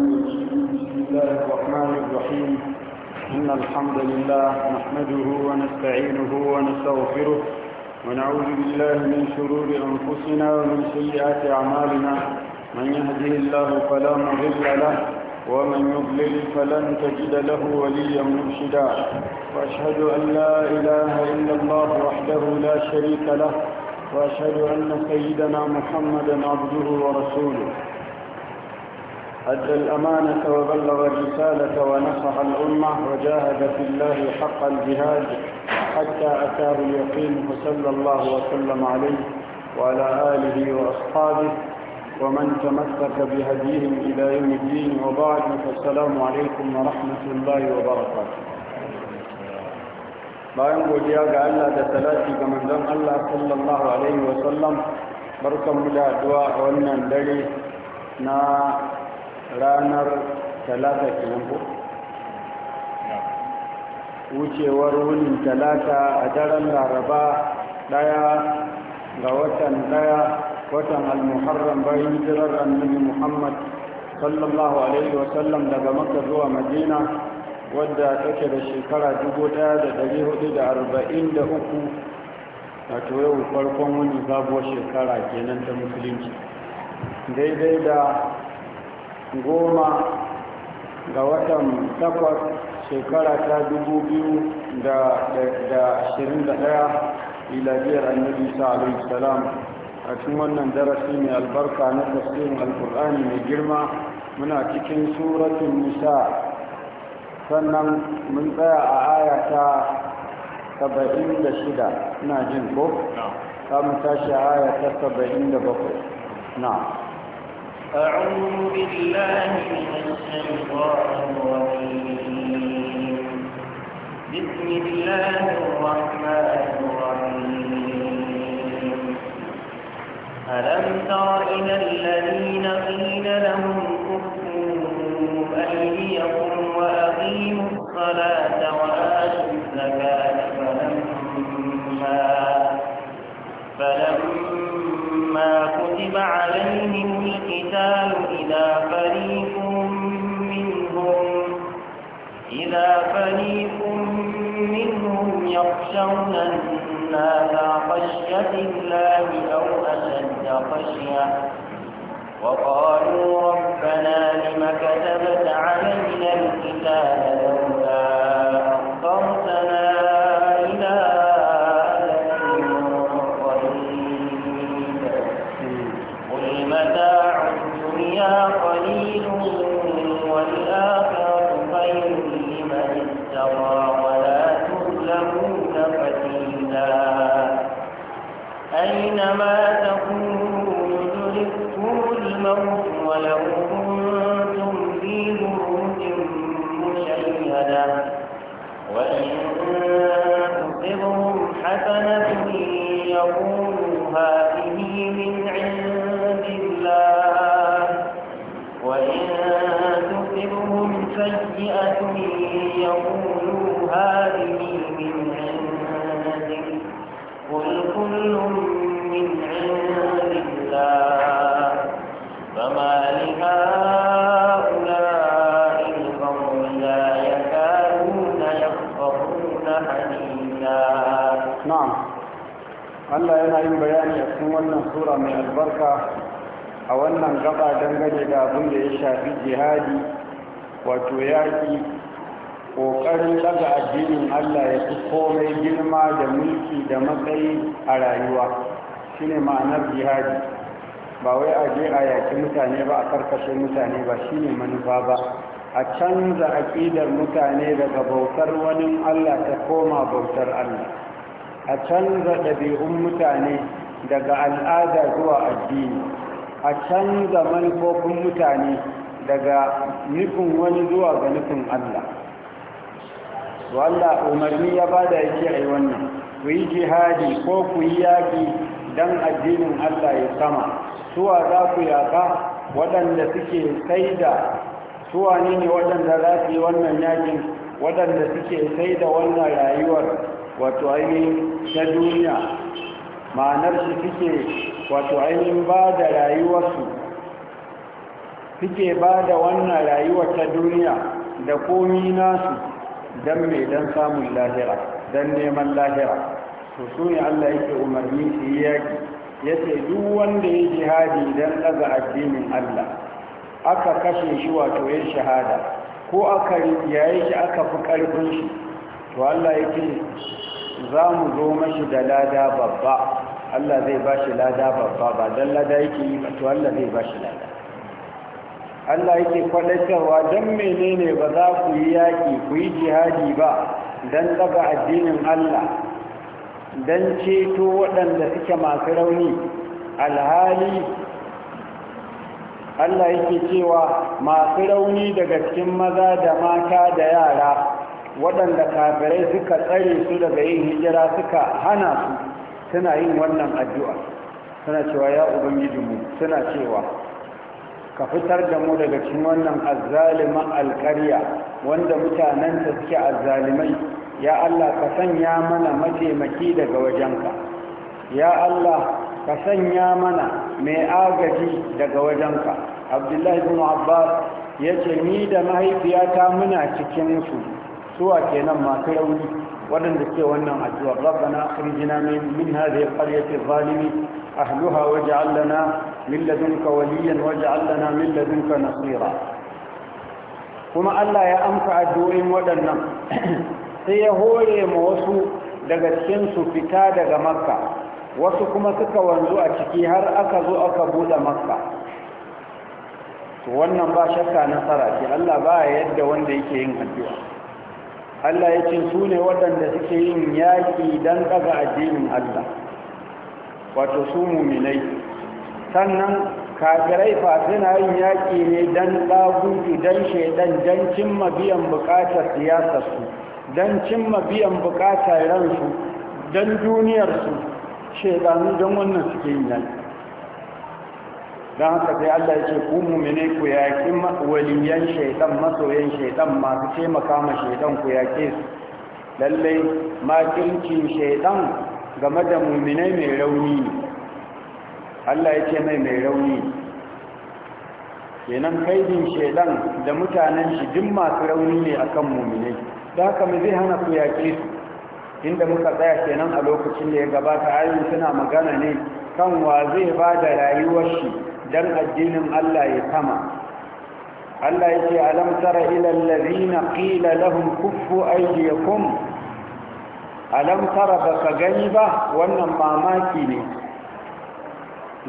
بسم الله الرحمن الرحيم إن الحمد لله نحمده ونستعينه ونستغفره ونعوذ بالله من شرور أنفسنا ومن سيئات أعمالنا من يهده الله فلا مضل له ومن يضلل فلن تجد له وليا مرشدا وأشهد أن لا إله إلا الله وحده لا شريك له وأشهد أن سيدنا محمدا عبده ورسوله أدى الأمانة وبلغ الرسالة ونصح الأمة وجاهد في الله حق الجهاد حتى أتاه اليقين وصلى الله وسلم عليه وعلى آله وأصحابه ومن تمسك بهديهم إلى يوم الدين وبعد فالسلام عليكم ورحمة الله وبركاته bayan godiya ga Allah da ثلاثة ga manzon Allah sallallahu alaihi عليه وسلم barkanmu da addu'a a wannan dare na ranar talata kenan ko wucewar wunin talata a daren laraba daya ga watan daya watan almuharram bayan jirar annabi muhammad sallallahu alaihi wasallam daga makka zuwa madina wadda take da shekara 1443 wato yau farkon wani sabuwar shekara kenan ta musulunci daidai da goma ga watan takwas shekara ta dubu biyu da ashirin da ɗaya ilaliyar annabi isa a cikin wannan darasi mai albarka na tafsirin alkur'ani mai girma muna cikin suratun nisa sannan mun tsaya a aya ta saba'in da shida na jin ko? na tashi a aya ta saba'in da bakwai na أعوذ بالله من الشيطان الرجيم بسم الله الرحمن الرحيم ألم تر إلى الذين قيل لهم كفوا أيديكم وأقيموا الصلاة وآتوا الزكاة إلى فريق منهم يخشون الناس خشية الله أو أشد خشية وقالوا ربنا لم كتبت علينا الكتاب لولا Allah yana yin bayani a cikin wannan sura mai albarka a wannan gaba dangane da abin da ya shafi jihadi wato yaƙi ƙoƙarin daga addinin Allah ya fi komai girma da mulki da matsayi a rayuwa shine ma'anar jihadi ba wai a je a yaƙi mutane ba a karkashe mutane ba shine manufa ba a canza aƙidar mutane daga bautar wani Allah ta koma bautar Allah a canza ɗabi'un mutane daga al'ada zuwa addini a canza manufofin mutane daga nufin wani zuwa ga nufin Allah wanda umarni ya bada yake yi wannan ku yi jihadi ko ku yi yaƙi don addinin Allah ya sama suwa za ku yaƙa waɗanda suke sai da suwa ne ne waɗanda za su yi wannan yaƙin waɗanda suke sai da wannan rayuwar wato ainihin ta duniya ma'anar su suke wato ainihin ba da rayuwarsu suke ba da wannan rayuwar ta duniya da komi nasu don mai don samun lahira don neman lahira to su ne allah yake umarni su yi yaki. ya ce duk wanda ya jihadi don ɗaga addinin allah aka kashe shi wato ya shahada ko aka yayi shi aka fi ƙarfin shi to allah yake za mu zo mashi da lada babba Allah zai ba shi lada babba ba don lada yake yi to Allah zai ba shi lada Allah yake kwadatarwa don menene ba za ku yi yaƙi ku yi jihadi ba don ɗaga addinin Allah don ceto waɗanda suke masu rauni alhali Allah yake cewa masu rauni daga cikin maza da mata da yara waɗanda kafirai suka tsare su daga yin hijira suka hana su suna yin wannan addu'a suna cewa ya mu, suna cewa ka fitar da mu daga cikin wannan azzaliman alƙarya wanda mutanenta suke azzalimai ya Allah ka sanya mana mataimaki daga wajenka ya Allah ka sanya mana mai agaji daga wajenka abdullahi bin abbas ya ce ni da mahaifiyata muna cikin su suwa kenan masu rauni waɗanda ke wannan addu'a rabbana akhrijna min min hadhihi alqaryati zalimi ahluha waj'al lana min ladunka waliyan waj'al lana min ladunka nasira kuma Allah ya amsa addu'o'in waɗannan sai ya hore ma wasu daga cikin su fita daga makka wasu kuma suka wanzu a ciki har aka zo aka bude makka wannan ba shakka nasara ce Allah ba yadda wanda yake yin addu'a Allah ya ce su ne waɗanda suke yin yaƙi don ɗaga addinin Allah wato su muminai sannan kafirai fa suna yin yaƙi ne don ɗagutu don shaidan don cimma biyan buƙatar siyasarsu don cimma biyan buƙatar ransu don duniyarsu shaidanu don wannan suke yin yaƙi don haka sai Allah ya ce ku mumine ku yaƙi waliyan shaidan masoyan shaidan masu taimaka ma shaidan ku yaƙe su lallai makircin shaidan game da mumine mai rauni Allah ya ce mai mai rauni kenan kaidin shaidan da mutanen shi duk masu rauni ne akan mumine da haka mu zai hana ku yaƙe su inda muka tsaya kenan a lokacin da ya gabata ayoyin suna magana ne kan wa zai ba da rayuwar shi dan addinin Allah ya sama Allah yake alam tara ila allazina qila lahum kuffu aydiyakum alam tara baka gani ba wannan mamaki ne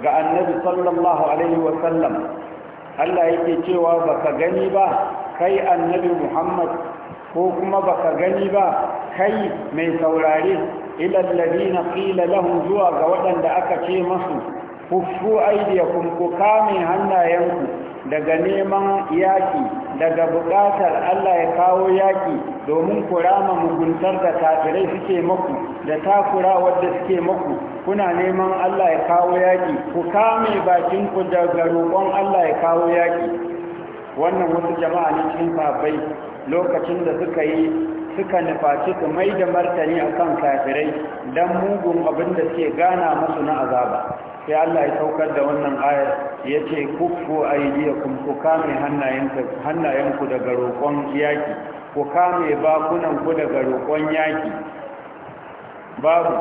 ga annabi sallallahu alaihi wa sallam Allah yake cewa baka gani ba kai annabi Muhammad ko kuma baka gani ba kai mai saurare ila allazina qila lahum zuwa ga waɗanda aka ce masu kufu aidiyakum ku kame hannayenku daga neman yaki daga buƙatar Allah ya kawo yaki domin ku rama muguntar da kafirai suke maku da takura wadda suke maku kuna neman Allah ya kawo yaki ku kame ku daga roƙon Allah ya kawo yaki wannan wasu jama'a ne cikin babai lokacin da suka yi suka nufaci su mai da martani a kan kafirai don mugun abin da suke gana musu na azaba sai Allah ya saukar da wannan ayar ya ce kufu a yi ku kame hannayenku daga roƙon yaki ku kame bakunanku daga roƙon yaki babu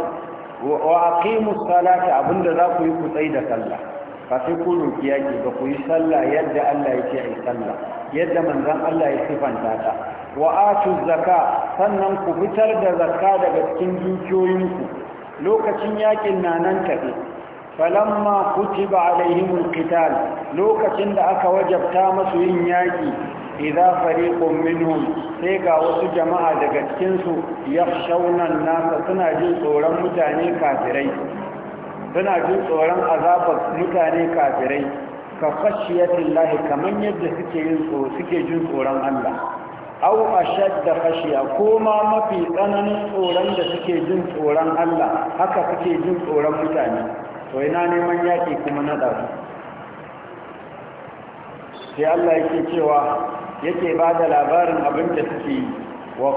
wa aqimu salata abinda za ku yi ku da sallah Ka sai ku roki ba ku yi sallah yadda Allah ya ce yi sallah yadda manzon Allah ya sifanta ta wa atu zakka sannan ku fitar da zakka daga cikin dukiyoyinku lokacin yakin na nan tafi falamma kutiba alaihim alqital lokacin da aka wajabta masu yin yaki idza fariqun minhum sai ga wasu jama'a daga cikin su yakhshawna an-nas suna jin tsoron mutane kafirai suna jin tsoron azabar mutane kafirai ka khashiyatin lahi kamar yadda suke yin tsoro suke jin tsoron Allah aw da khashiya ko ma mafi tsananin tsoron da suke jin tsoron Allah haka suke jin tsoron mutane to ina neman yaki kuma na dafu sai Allah yake cewa yake ba da labarin abin da suke yi wa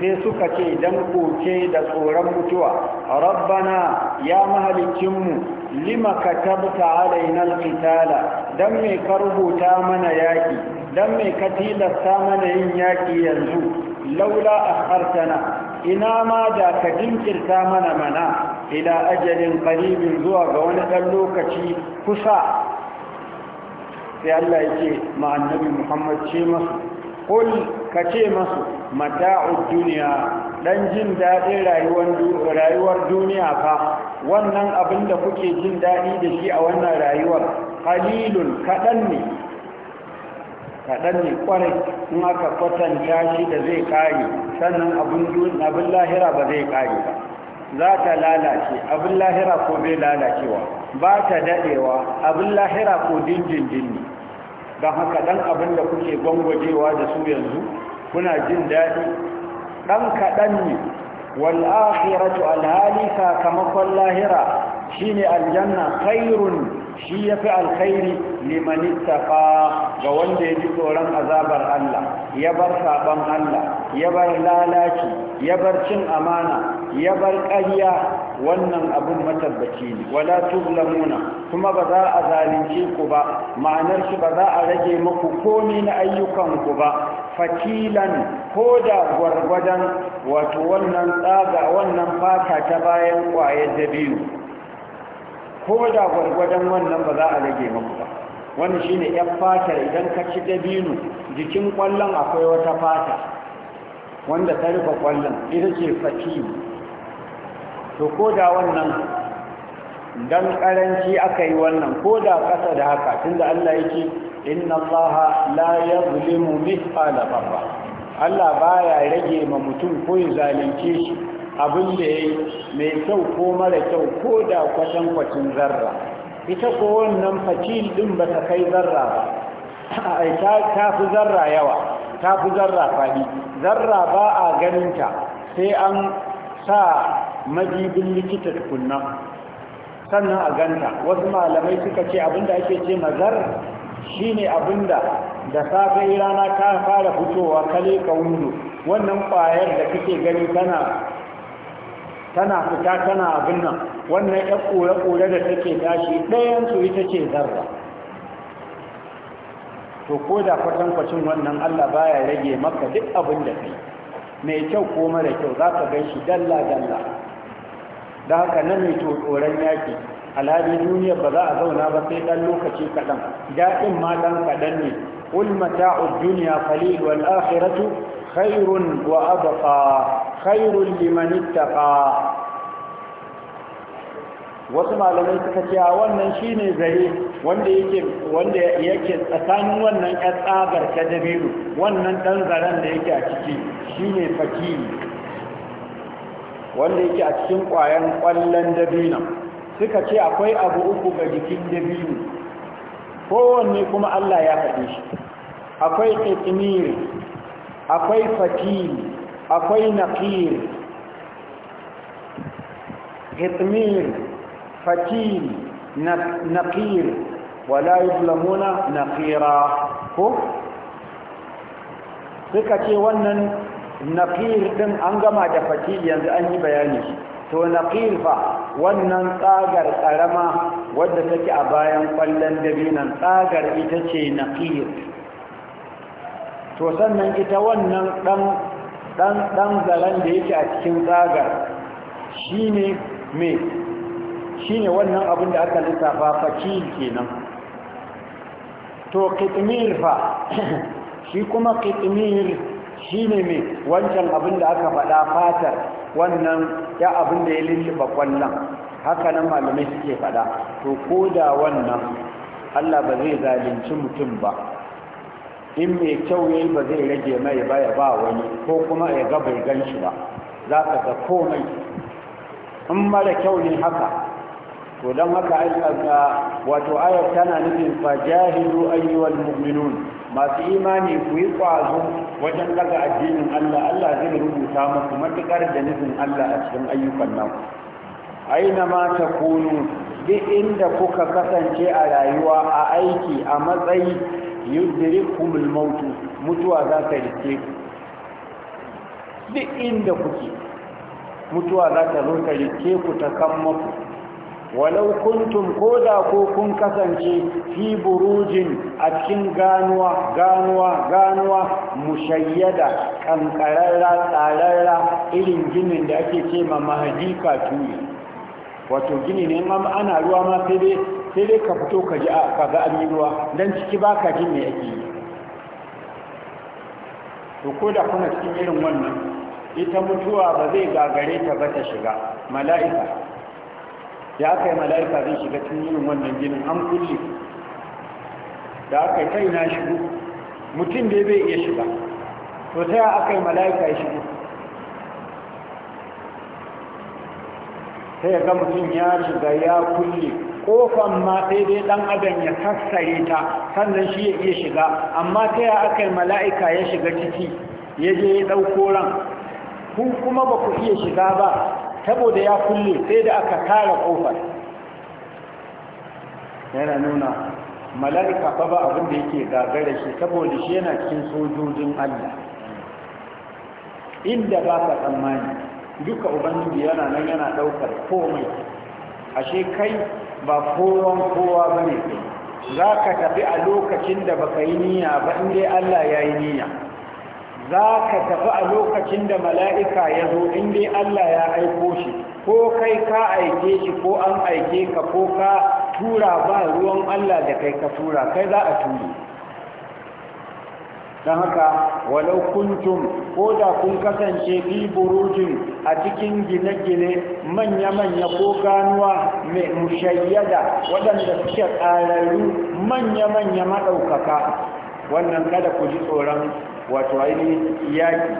sai suka ce dan koke da tsoron mutuwa rabbana ya mahalicinmu lima ka katabta alaina alqitala dan me ka rubuta mana yaki dan me ka tilasta mana yin yaki yanzu laula akhartana ina ma da ka jinkirta mana mana ila ajalin qaribin zuwa ga wani dan lokaci kusa sai Allah yake ma annabi Muhammad ce masa kul ka ce masu mata'ud duniya dan jin daɗin rayuwar duniya fa wannan abin da kuke jin daɗi da shi a wannan rayuwar qalilun kaɗan ne kadan ne kwarai in aka kwatanta shi da zai kare sannan abin lahira ba zai kare ba za ta lalace abin lahira ko bai lalacewa ba ta daɗewa abin lahira ko dindindin ne don haka dan abin da kuke gwangwajewa da su yanzu kuna jin daɗi ɗan kaɗan ne wal'afiratu alhali sakamakon lahira shine aljanna khairun shi ya fi alkhairi limanista fa ga wanda ya ji tsoron azabar Allah ya bar saban Allah ya bar lalaci ya bar cin amana ya bar ƙarya wannan abin matabbaci ne wala tuzlamuna kuma ba za a zalunce ku ba ma'anar shi ba za a rage muku komai na ayyukan ku ba fakilan ko da gwargwadon wato wannan tsaga wannan fata ta bayan kwaye da biyu ko da gwargwadon wannan ba za a rage muku ba wani shi ne yan fatar idan ka ci dabino jikin ƙwallon akwai wata fata wanda ta rufe ƙwallon? ita ce fatiyu to ko da wannan dan ƙaranci aka yi wannan ko da ƙasa da haka Tun da Allah ce inna allaha la ya yuzlimu mithqala dharra Allah baya rage ma mutum ko ya zalunce shi abin da yayi mai kyau ko mara kyau ko da kwatan kwatin zarra ita ko wannan fatil din ba ta kai zarra ba ai ta fi zarra yawa ta fi zarra fadi zarra ba a ganinta sai an sa majibin likita tukunna sannan a ganta wasu malamai suka ce abinda ake ce mazar shine abinda da safe rana ta fara fitowa kale ka wundo wannan kwayar da kake gani tana tana fita tana abin nan wannan ya kore-kore da take tashi su ita ce zarra to ko da kwatankwacin wannan allah baya rage maka duk abin da kai mai kyau ko mara kyau za ka gan shi dalla-dalla da haka nan mai tsoron yaki alhali duniya ba za a zauna ba sai ɗan lokaci kaɗan daɗin ma ɗan kaɗan ne قل متاع الدنيا قليل والآخرة خير وأبقى خير لمن اتقى wasu malamai suka ce a wannan shine zare wanda wanda yake tsakanin wannan ƴar tsagar ta dabiru wannan ɗan da yake a ciki shine fakiri wanda yake a cikin ƙwayan ƙwallon dabina suka ce akwai abu uku ga jikin dabino kowanne kuma Allah ya faɗi shi akwai qitmir akwai fatil akwai naqir qitmir fatil naqir wala yuzlamuna naqira ko suka ce wannan naqir din an gama da fatil yanzu an yi bayani shi to naqil wannan tsagar karama wadda take a bayan kwallon dabinan tsagar ita ce naqil to sannan ita wannan dan dan dan zalan da yake a cikin tsagar shine me shine wannan abin da aka lissafa fakil kenan to qitmir fa shi kuma qitmir Shi ne mai wancan abin da aka faɗa fatar wannan ya abin da ya lulluɓa kwallon haka nan malamai suke faɗa to ko da wannan allah ba zai zalunci mutum ba in mai kyau ya yi ba zai rage mai ba ya ba wani ko kuma ya ga bai gan shi ba za ka ga komai in mara kyau ne haka to don haka wato ayar tana nufin fajahilu ayyuwal mu'minun masu imani ku yi ƙwazo wajen daga addinin Allah Allah zai rubuta muku matuƙar da nufin Allah a cikin ayyukan nan aina ma ta kunu duk inda kuka kasance a rayuwa a aiki a matsayi yudrikumul mautu mutuwa za ta rike ku duk inda kuke mutuwa za ta zo ta rike ku ta kan walau kuntum koda ko kun kasance fi burujin a cikin ganuwa ganuwa ganuwa mushayyada kankararra tsararra irin ginin da ake ce ma mahadi katuri wato gini ne ma ana ruwa ma sai dai sai dai ka fito ka ji ka ga an ruwa dan ciki baka jin me ake yi ko da kuna cikin irin wannan ita mutuwa ba zai gagare ta ba ta shiga mala'ika da aka yi mala'ika zai shiga cikin wannan ginin an kulle da aka yi kai na shigo mutum da bai iya shiga to sai aka yi mala'ika ya shigo sai ga mutum ya shiga ya kulle kofan ma sai dai dan adam ya sassare ta sannan shi ya iya shiga amma ta ya aka yi mala'ika ya shiga ciki ya je ya ɗauko ran kun kuma ba ku iya shiga ba saboda ya kulle sai da aka tara kofar yana nuna mala'ika fa ba abin da yake gagara shi saboda shi yana cikin sojojin Allah inda ba ka tsammani duka ubangiji yana nan yana daukar komai ashe kai ba kowan kowa bane ne. za ka tafi a lokacin da baka yi niyya ba in dai Allah ya yi niyya za ka tafi a lokacin da mala'ika ya zo in dai Allah ya aiko shi ko kai ka aike shi ko an aike ka ko ka tura ba ruwan Allah da kai ka tura kai za a turi don haka walau kuntum ko da kun kasance fi burujin a cikin gine-gine manya-manya ko ganuwa mai mushayyada waɗanda suke ƙararru manya-manya maɗaukaka wannan kada ku ji tsoron wato ainihin yaki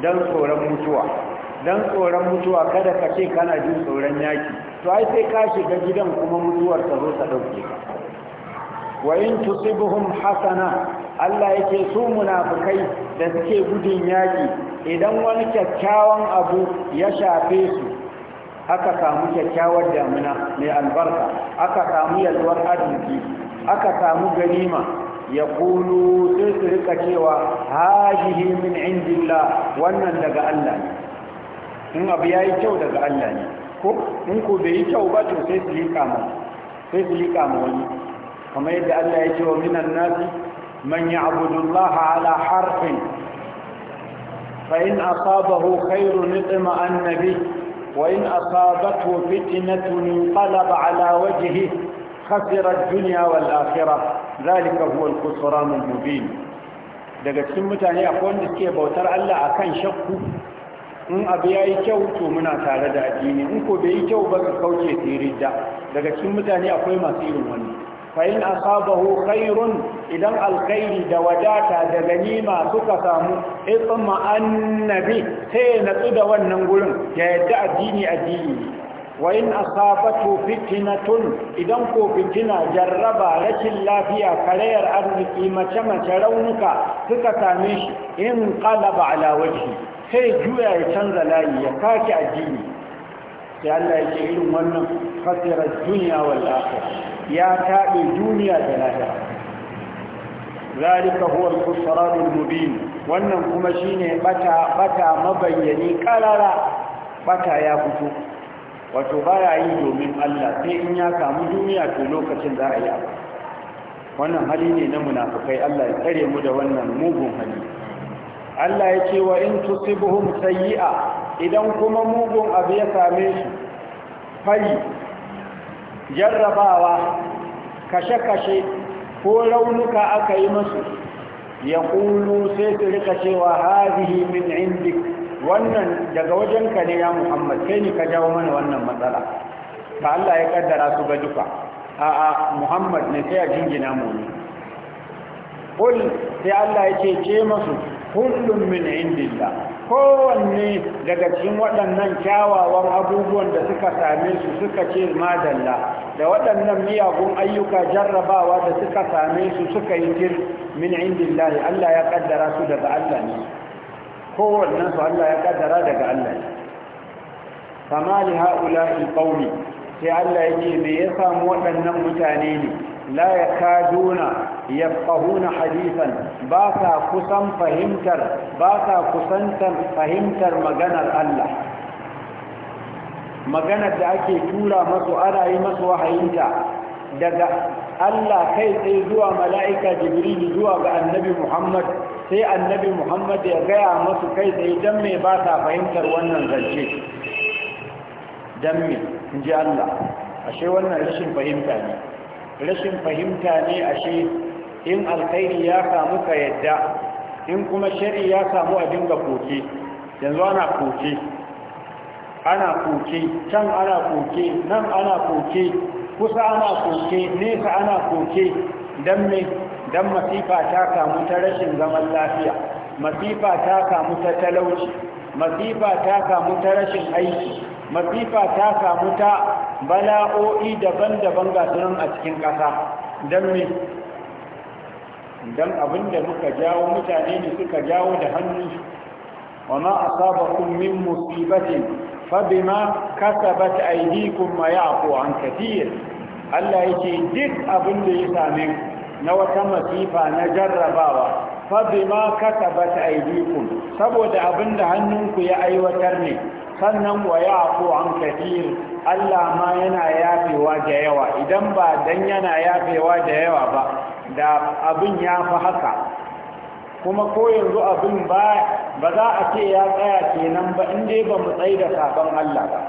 don tsoron mutuwa don tsoron mutuwa kada ka ce kana jin tsoron yaki to ai sai ka shiga gidan kuma mutuwar ta zo ta dauke ka wa in tusibuhum hasana Allah yake su munafikai da suke gudun yaki idan wani kyakkyawan abu ya shafe su aka samu kyakkyawar damina mai albarka aka samu yalwar arziki aka samu ganima yaqulu sai su rika cewa hadihi min indillah wannan daga Allah ne in abu yayi kyau daga Allah ne ko in ko bai yi kyau ba to sai su lika mu sai su lika mu wani kamar yadda Allah ya ce wa minan nasi man ya'budu Allah ala harfin fa in asabahu khairun itma'anna bihi wa in asabathu fitnatun qalaba ala wajhihi خسر الدنيا والآخرة ذلك هو الخسران المبين daga cikin mutane akwai wanda suke bautar Allah akan shakku in abu yayi kyau to muna tare da addini in ko bai yi kyau ba ka kauce tirida daga cikin mutane akwai masu irin wani fa in asabahu khairun idan alkhairi da wadata da ganima suka samu itma annabi sai natsu da wannan gurin ya yadda addini addini wa in asabatu fitnatun idan ko fitina jarraba rashin lafiya karayar arziki mace mace raunuka suka same shi in qalaba ala wajhi sai juya ya canza layi ya kaki addini sai Allah ya ce irin wannan khasirar duniya wal akhirah ya taɓe duniya da lahira zalika huwa al-khusran al-mubin wannan kuma shine bata bata mabayyani karara bata ya fito wato baya yi domin Allah sai in ya samu duniya to lokacin za a yi abu wannan hali ne na munafukai Allah ya tsare mu da wannan mugun hali Allah ya ce wa in tusibuhum sayyi'a idan kuma mugun abu ya same su fari jarrabawa kashe-kashe ko raunuka aka yi masu ya kulu sai su rika cewa hazihi min indik wannan daga wajen ka ne ya muhammad sai ni ka jawo mana wannan matsala ba Allah ya kaddara su ga duka a'a muhammad ne sai a jingina mu ne kul sai Allah ya ce ce masu kullum min indilla. kowanne daga cikin waɗannan kyawawan abubuwan da suka same su suka ce madalla da waɗannan miyagun ayyuka jarrabawa da suka same su suka yi min indillahi Allah ya kaddara su daga Allah ne kowannen su Allah ya kaddara daga Allah kama li haula'i qaumi sai Allah yake me ya samu waɗannan mutane ne la yakaduna yafqahuna hadisan ba sa kusan fahimtar ba sa kusantar fahimtar maganar Allah maganar da ake tura masu ana yi masu wahayinta daga Allah kai tsaye zuwa mala'ika jibril zuwa ga annabi Muhammad sai annabi muhammad ya gaya masu kai tsaye don me ba ta fahimtar wannan zance don me in ji allah ashe wannan rashin fahimta ne rashin fahimta ne ashe in alkhairi ya samu ka yadda in kuma shari'a ya samu a dinga koke yanzu ana koke ana koke can ana koke nan ana koke kusa ana koke nesa ana koke don me dan masifa ta kamu ta rashin zaman lafiya masifa ta kamu ta talauci masifa ta kamu ta rashin aiki masifa ta kamu ta bala'o'i daban-daban ga sunan a cikin ƙasa don me don abinda muka jawo mutane ne suka jawo da hannu wa ma asabakum min musibatin fa bima kasabat aydikum ma ya'fu an kathir Allah yake duk abin da ya same ku na wata masifa na jarrabawa fabima katabat aydikum saboda abinda hannunku ya aiwatar ne sannan wa ya'fu an kathir Allah ma yana yafewa da yawa idan ba dan yana yafewa da yawa ba da abin ya fi haka kuma ko yanzu abin ba ba za a ce ya tsaya kenan ba in dai ba mu tsaye da sabon Allah ba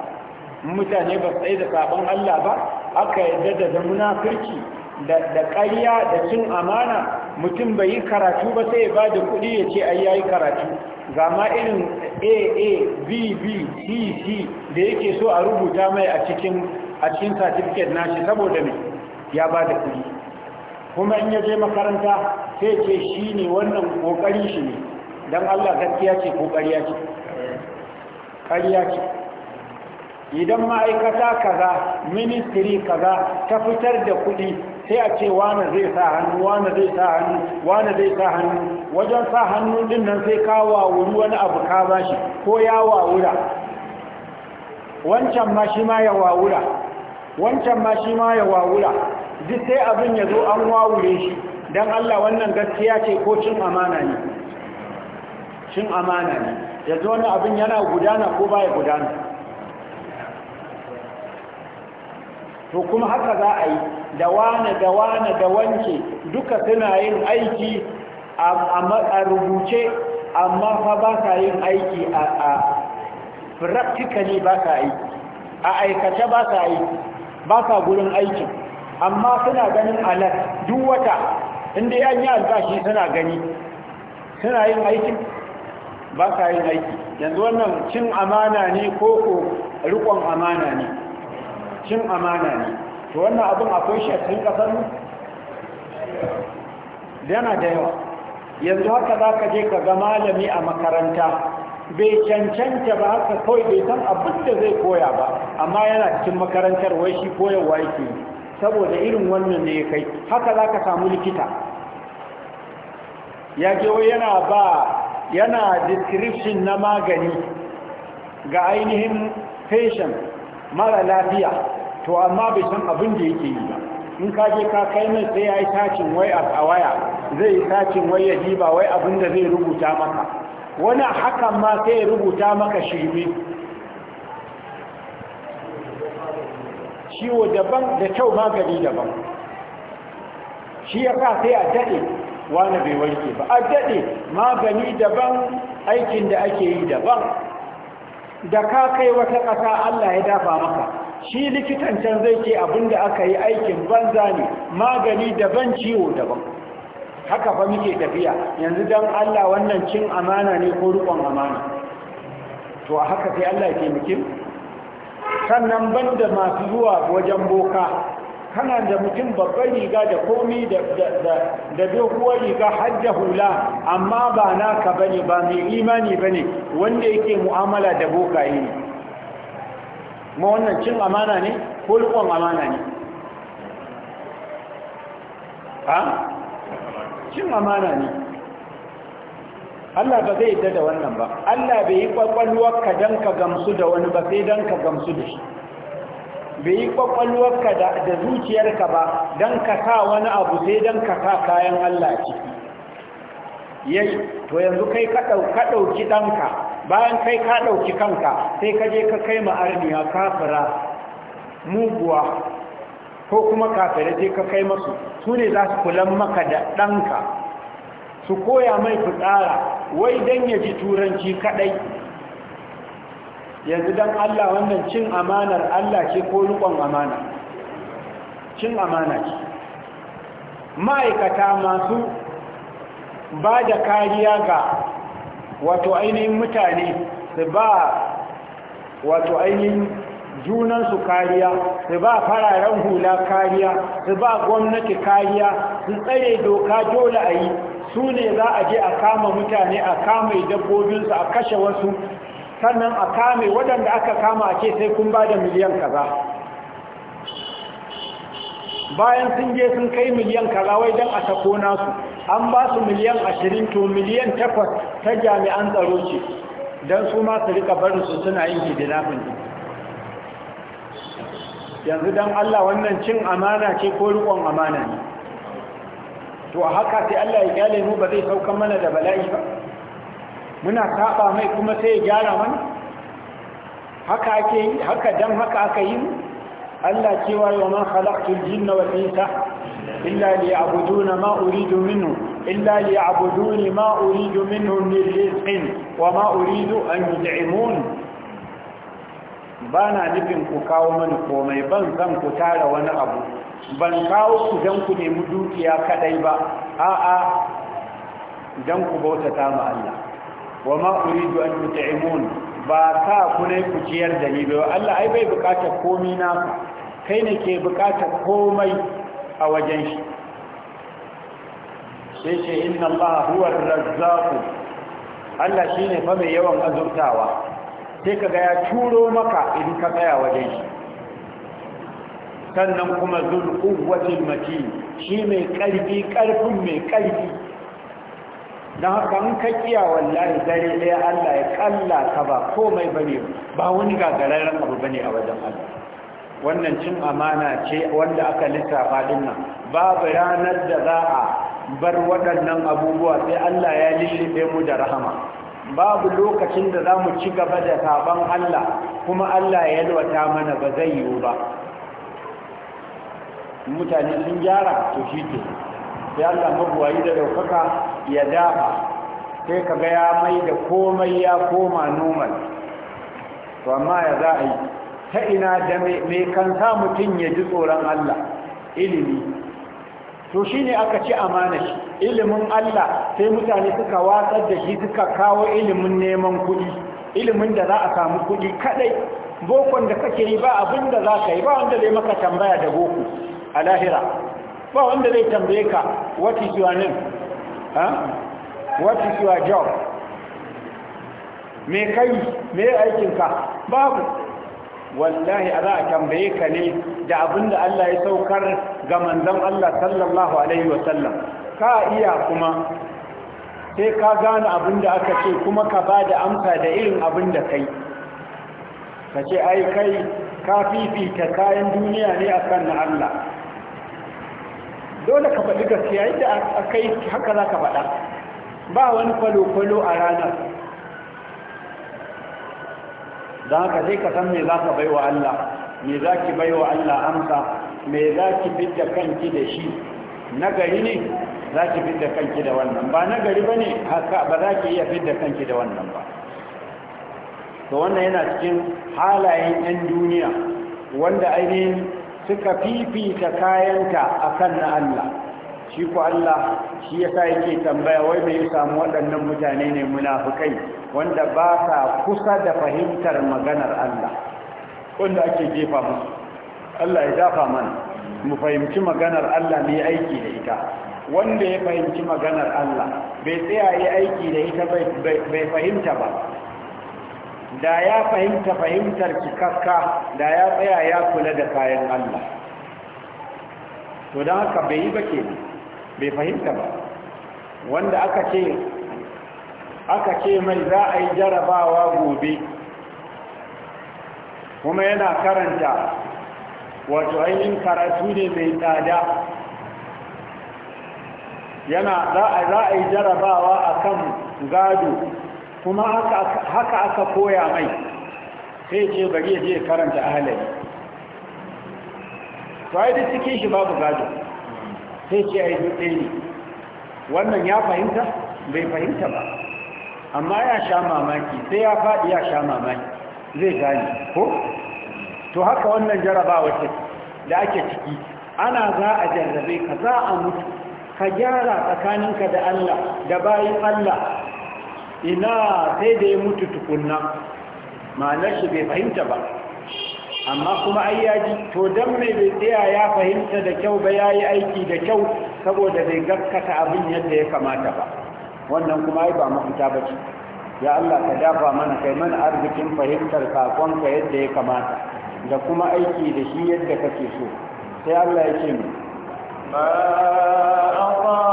mutane ba tsaye da sabon Allah ba aka yadda da munafirci da ƙarya da cin amana mutum bai yi karatu ba sai ba da kuɗi ya ce ai yayi karatu ga ma irin aa bb cc da yake so a rubuta mai a cikin a cikin certificate nashi saboda ne ya ba da kuɗi kuma in ya je makaranta sai ce shi ne wannan kokari shi ne don allah gaskiya ce ko ce ƙarya ce idan ma'aikata kaza ministry kaza ta fitar da kuɗi sai a ce wani zai sa hannu wani zai sa hannu wani zai sa hannu wajen sa hannu din nan sai ka wawuri wani abu ka shi, ko ya wawura wancan ma shi ma ya wawura wancan ma shi ma ya wawura duk sai abin ya zo an wawure shi don Allah wannan gaskiya ce ko cin amana ne cin amana ne yanzu wani abin yana gudana ko baya gudana to kuma haka za a yi da wane da wane da wanke duka suna yin aiki a rubuce amma fa ba sa yin aiki a practically ba sa aiki a aikace ba sa aiki ba sa gurin aikin amma suna ganin alat duk wata inda yan yi albashi suna gani suna yin aikin ba sa yin aiki yanzu wannan cin amana ne ko ko rikon amana ne cin amana ne to wannan abin akwai shi a cikin kasar mu yana da yawa yanzu haka za ka je ka ga malami a makaranta bai cancanta ba haka kawai bai san abin da zai koya ba amma yana cikin makarantar wai shi koyarwa yake saboda irin wannan ne ya kai haka za ka samu likita ya je yana ba yana description na magani ga ainihin patient mara lafiya to amma bai san abin da yake yi ba in ka je ka kai mai sai ya yi sacin wai a waya zai yi sacin wai ya jiba, wai abin da zai rubuta maka wani hakan ma sai ya rubuta maka shirme ciwo daban da kyau magani daban shi ya sa sai a daɗe wani bai warke ba a daɗe magani daban aikin da ake yi daban da ka kai wata ƙasa Allah ya dafa maka shi likitan can zai ce abinda aka yi aikin banza ne magani daban ciwo daban haka fa muke tafiya yanzu dan Allah wannan cin amana ne ko rukon amana to a haka sai Allah ya taimake sannan banda masu zuwa wajen boka kana da mutum babban riga da komi da kuwa riga har da hula amma ba naka bane ba mai imani bane wanda yake mu'amala da bokaye ne ma wannan cin amana ne ko rikon amana ne ha cin amana ne Allah ba zai yi da wannan ba Allah bai yi kwakwalwar ka don ka gamsu da wani ba sai don ka gamsu da shi bai yi kwakwalwarka da zuciyarka ba don ka sa wani abu sai don ka sa kayan Allah ciki Yai, to yanzu kai ka ɗauki ɗanka bayan kai ka ɗauki kanka sai ka je ka kai ma'arniya kafira muguwa ko kuma kafira sai ka kai masu su ne za su kulan maka da ɗanka su koya mai fitsara wai don ya ji turanci kaɗai yanzu don Allah wannan cin amanar Allah ce ko rikon amana cin amana ce ma'aikata masu ba da kariya ga wato ainihin mutane su ba wato ainihin junansu kariya su ba fararen hula kariya su ba gwamnati kariya su tsare doka dole a yi su ne za a je a kama mutane a kama dabbobinsu a kashe wasu sannan a kame waɗanda aka kama a ce sai kun ba da miliyan kaza bayan sun je sun kai miliyan kaza wai don a tako nasu an ba su miliyan ashirin to miliyan takwas ta jami'an tsaro ce don su masu su rika barinsu suna yin kundi. yanzu don Allah wannan cin amana ce ko rikon amana ne to a haka sai Allah ya gyale mu ba zai sauka mana da bala'i ba muna saba mai kuma sai gyara mana haka ake yi haka dan haka aka yi Allah cewa wa ma khalaqtul jinna wal insa illa liya'buduna ma uridu minhu illa liya'buduni ma uridu minhum min rizqin wa ma uridu an yud'imun bana nufin ku kawo mani komai ban zan ku tara wani abu ban kawo ku dan ku nemi dukiya kadai ba a'a dan ku bautata ma Allah wa ma uridu an yut'imun ba ka kunai ku ciyar da ni ba Allah ai bai bukatar komai na kai ne ke bukatar komai a wajen shi sai ce inna Allah huwa ar-razzaq Allah shine fa mai yawan azurtawa sai kaga ya turo maka idan ka tsaya wajen shi sannan kuma zul quwwatil matin shi mai karfi karfin mai karfi don haka in ka kiya wallahi dare ɗaya Allah ya kalla ka ba komai bane ba wani gagararren abu bane a wajen Allah wannan cin amana ce wanda aka lissafa ɗin nan babu ranar da za a bar waɗannan abubuwa sai Allah ya lullube mu da rahama babu lokacin da za mu ci gaba da saban Allah kuma Allah ya yalwata mana ba zai yiwu ba mutane sun gyara to shi ke ya Allah magwayi da daukaka ya dafa sai ka ga ya mai da komai ya koma normal to amma ya za a yi ta ina da mai kan sa mutum ya ji tsoron Allah ilimi to shi ne aka ci amana shi ilimin Allah sai mutane suka watsar da shi suka kawo ilimin neman kuɗi ilimin da za a samu kuɗi kaɗai bokon da kake yi ba abin da za ka yi ba wanda zai maka tambaya da boko a lahira ba wanda zai tambaye ka what is your name ha what is your job me kai me aikin ka babu wallahi a za a tambaye ka ne da abin da Allah ya saukar ga manzon Allah sallallahu alaihi wa sallam ka iya kuma sai ka gane abin da aka ce kuma ka ba da amsa da irin abin da kai ka ce ai kai ka fifita kayan duniya ne akan na Allah dole ka faɗi gaskiya yadda a kai haka za ka faɗa ba wani kwalo-kwalo a ranar Za ka sai ka san me za ka baiwa Allah me za ki baiwa Allah amsa me za ki fidda kanki da shi na gari ne za ki fidda kanki da wannan ba na gari ba ne haka ba za ki iya fidda kanki da wannan ba to wannan yana cikin halayen 'yan duniya wanda ainihin suka fifita kayanta a kan na Allah shi ku Allah shi ya sa yake tambaya wai mai ya samu waɗannan mutane ne munafukai, wanda ba sa kusa da fahimtar maganar Allah wanda ake jefa musu Allah ya dafa mana mu fahimci maganar Allah ne aiki da ita wanda ya fahimci maganar Allah bai tsaya yi aiki da ita bai fahimta ba da ya fahimta fahimtar cikakka da ya tsaya ya kula da kayan Allah to don haka bai yi ba ke bai fahimta ba wanda aka ce aka ce mai za a yi jarabawa gobe kuma yana karanta wato ainihin karatu ne mai tsada yana za a yi jarabawa kan gado kuma haka aka koya mai sai ce bari ya je karanta ahalari to ai duk cikin shi babu gado sai ce ai duk ɗaya ne wannan ya fahimta bai fahimta ba amma ya sha mamaki sai ya faɗi ya sha mamaki zai gane ko to haka wannan jarabawa ce da ake ciki ana za a jarrabe ka za a mutu ka gyara tsakaninka da Allah da bayin Allah ina sai da ya mutu tukunna ma'anar shi bai fahimta ba amma kuma ai ya ji to dan mai bai tsaya ya fahimta da kyau ba ya yi aiki da kyau saboda bai gaskata abin yadda ya kamata ba wannan kuma ai ba mafita ba ce ya Allah ka dafa mana kai mana arzikin fahimtar kakonka yadda ya kamata da kuma aiki da shi yadda kake so sai Allah ya ce mu Allah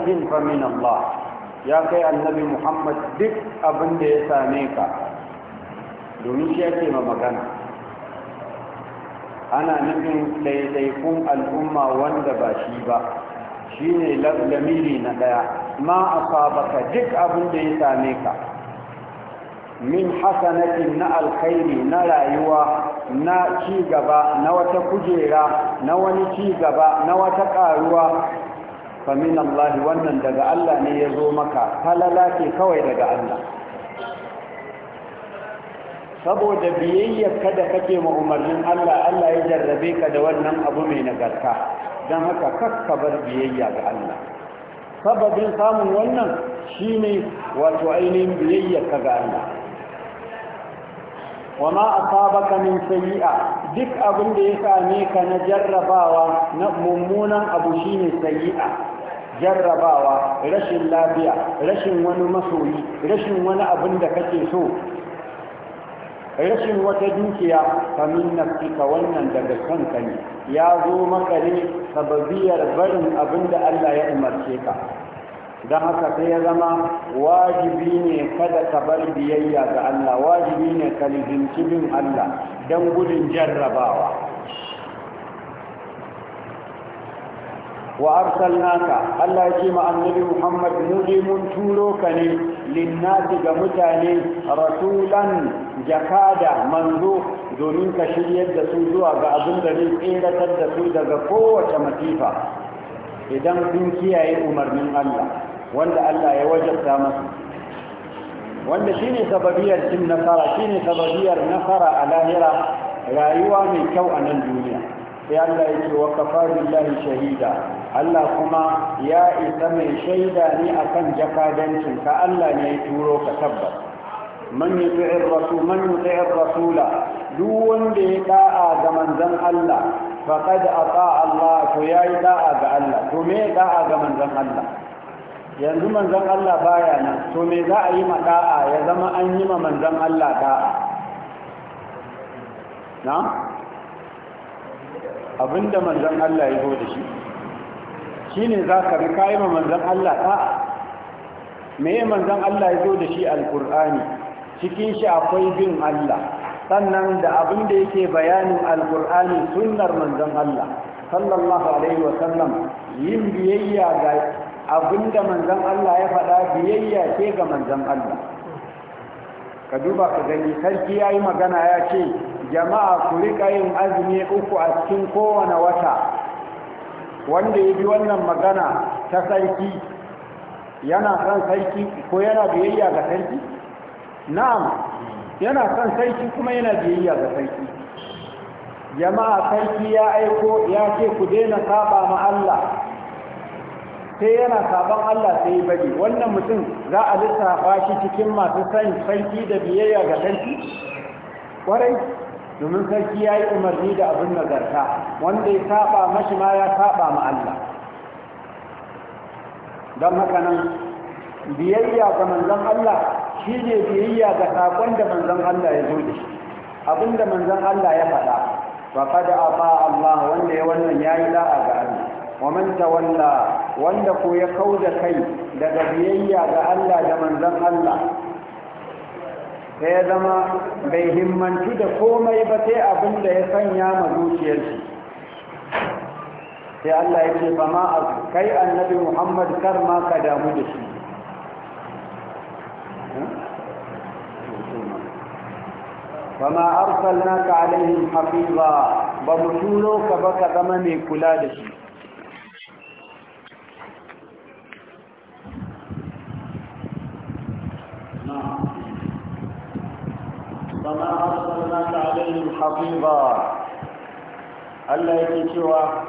ahadin fa min Allah ya kai annabi Muhammad duk abin da ya same ka domin shi yake ma magana ana nufin daidaikun al'umma wanda ba shi ba shi ne lamiri na ɗaya ma asabaka duk abin da ya same ka min hasanatin na alkhairi na rayuwa na ci gaba na wata kujera na wani ci gaba na wata ƙaruwa fa Allah wannan daga Allah ne ya zo maka falala ce kawai daga Allah saboda biyayyar ka da kake ma umarnin Allah Allah ya jarrabe ka da wannan abu mai nagarta don haka kakka bar biyayya ga Allah sababin samun wannan shine wato ainihin biyayyar ka ga Allah wa asabaka min sayi'a duk abin da ya same ka na jarrabawa na mummunan abu shine sayi'a jarrabawa rashin lafiya rashin wani masoyi rashin wani abin da kake so rashin wata dukiya kamin fita wannan daga kanka ne ya zo maka ne sababiyar barin abin da Allah ya umarce ka don haka sai ya zama wajibi ne kada ka bar biyayya ga Allah wajibi ne ka lizinci bin Allah don gudun jarrabawa wa naka, Allah ya ce ma annabi Muhammad mu ne mun turo ka ne linnati ga mutane rasulan jakada manzo domin ka shiryar da su zuwa ga abin da zai tseratar da su daga kowace matifa. idan sun kiyaye umarnin Allah wanda Allah ya wajabta masu wanda shine sababiyar cin nasara shine sababiyar nasara a lahira rayuwa mai kyau a nan duniya sai Allah ya ce wa kafa billahi shahida Allah kuma ya isa mai shaida ne akan jakadancin ka Allah ne ya turo ka tabbas man yuti'ir rasul man yuti'ir rasula duk wanda ya da'a ga manzon Allah faqad ata Allah to ya yi da'a ga Allah to me da'a ga manzan Allah yanzu manzan Allah baya nan to me za a yi ma da'a ya zama an yi ma manzan Allah da'a na abinda manzan Allah ya zo da shi Shi ne za ka bi ma manzan Allah da'a me manzan Allah ya zo da shi Alƙur'ani? cikin shi akwai bin Allah sannan da abin da yake bayanin alkur'ani sunnar manzon Allah sallallahu alaihi wa sallam yin biyayya ga abin da manzon Allah ya faɗa biyayya ce ga manzon Allah ka duba ka gani sarki ya yi magana ya ce jama'a ku riƙa yin azumi uku a cikin kowane wata wanda ya bi wannan magana ta sarki yana son sarki ko yana biyayya ga sarki na'am yana kan sarki kuma yana biyayya ga sarki jama'a sarki ya aiko ya ce ku daina saba ma Allah sai yana saban Allah sai ya bari wannan mutum za a lissafa shi cikin masu san sarki da biyayya ga sarki kwarai domin sarki ya yi umarni da abin nazarta wanda ya saba mashi ma ya saba ma Allah don haka nan biyayya ga manzon Allah shi ne biyayya ga sakon da manzon Allah ya zo da shi abinda manzon Allah ya faɗa wa qad afa Allah wanda ya wannan yayi a ga Allah wa man tawalla wanda ko ya kauda kai daga biyayya ga Allah da manzon Allah sai zama bai himmantu da komai ba sai abinda ya sanya ma zuciyar sai Allah ya ce ba ma kai annabi Muhammad kar ma ka damu da shi fama arsalnaka alaihim hafiza ba mu turo ka ba ka zama mai kula da shi fama Allah yake cewa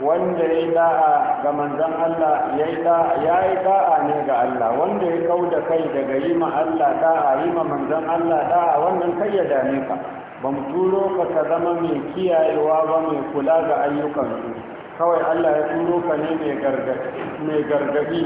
wanda ya yi da'a ga manzan Allah ya yi da'a ne ga Allah wanda ya kau da kai daga yi ma Allah da'a yi ma manzan Allah da'a wannan kai ya dame ka ba mu turo ka ka zama mai kiyayewa ba mai kula ga ayyukansu kawai Allah ya turo ka ne mai gargaɗi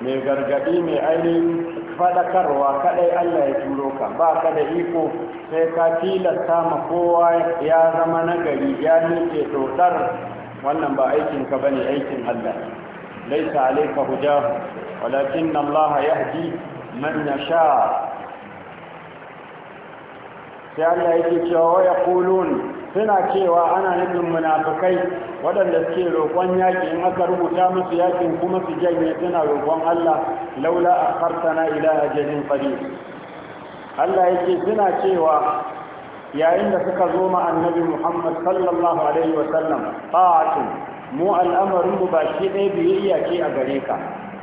mai gargaɗi mai ainihin faɗakarwa kaɗai Allah ya turo ka ba ka da iko sai ka tilasta ma kowa ya zama nagari ya nuke tsotsar wannan ba aikin ka bane aikin Allah laisa alayka hujahu walakin Allah yahdi man yasha sai Allah yake cewa wa yaqulun suna cewa ana nufin munafukai waɗanda suke roƙon yaƙi in aka rubuta musu yaƙin kuma su janye suna roƙon Allah laula a na ila jirgin fari. Allah yake suna cewa yayin da suka zo ma annabi Muhammad sallallahu alaihi wa sallam mu al'amarin mu baki ɗaya biyayya ce a gare ka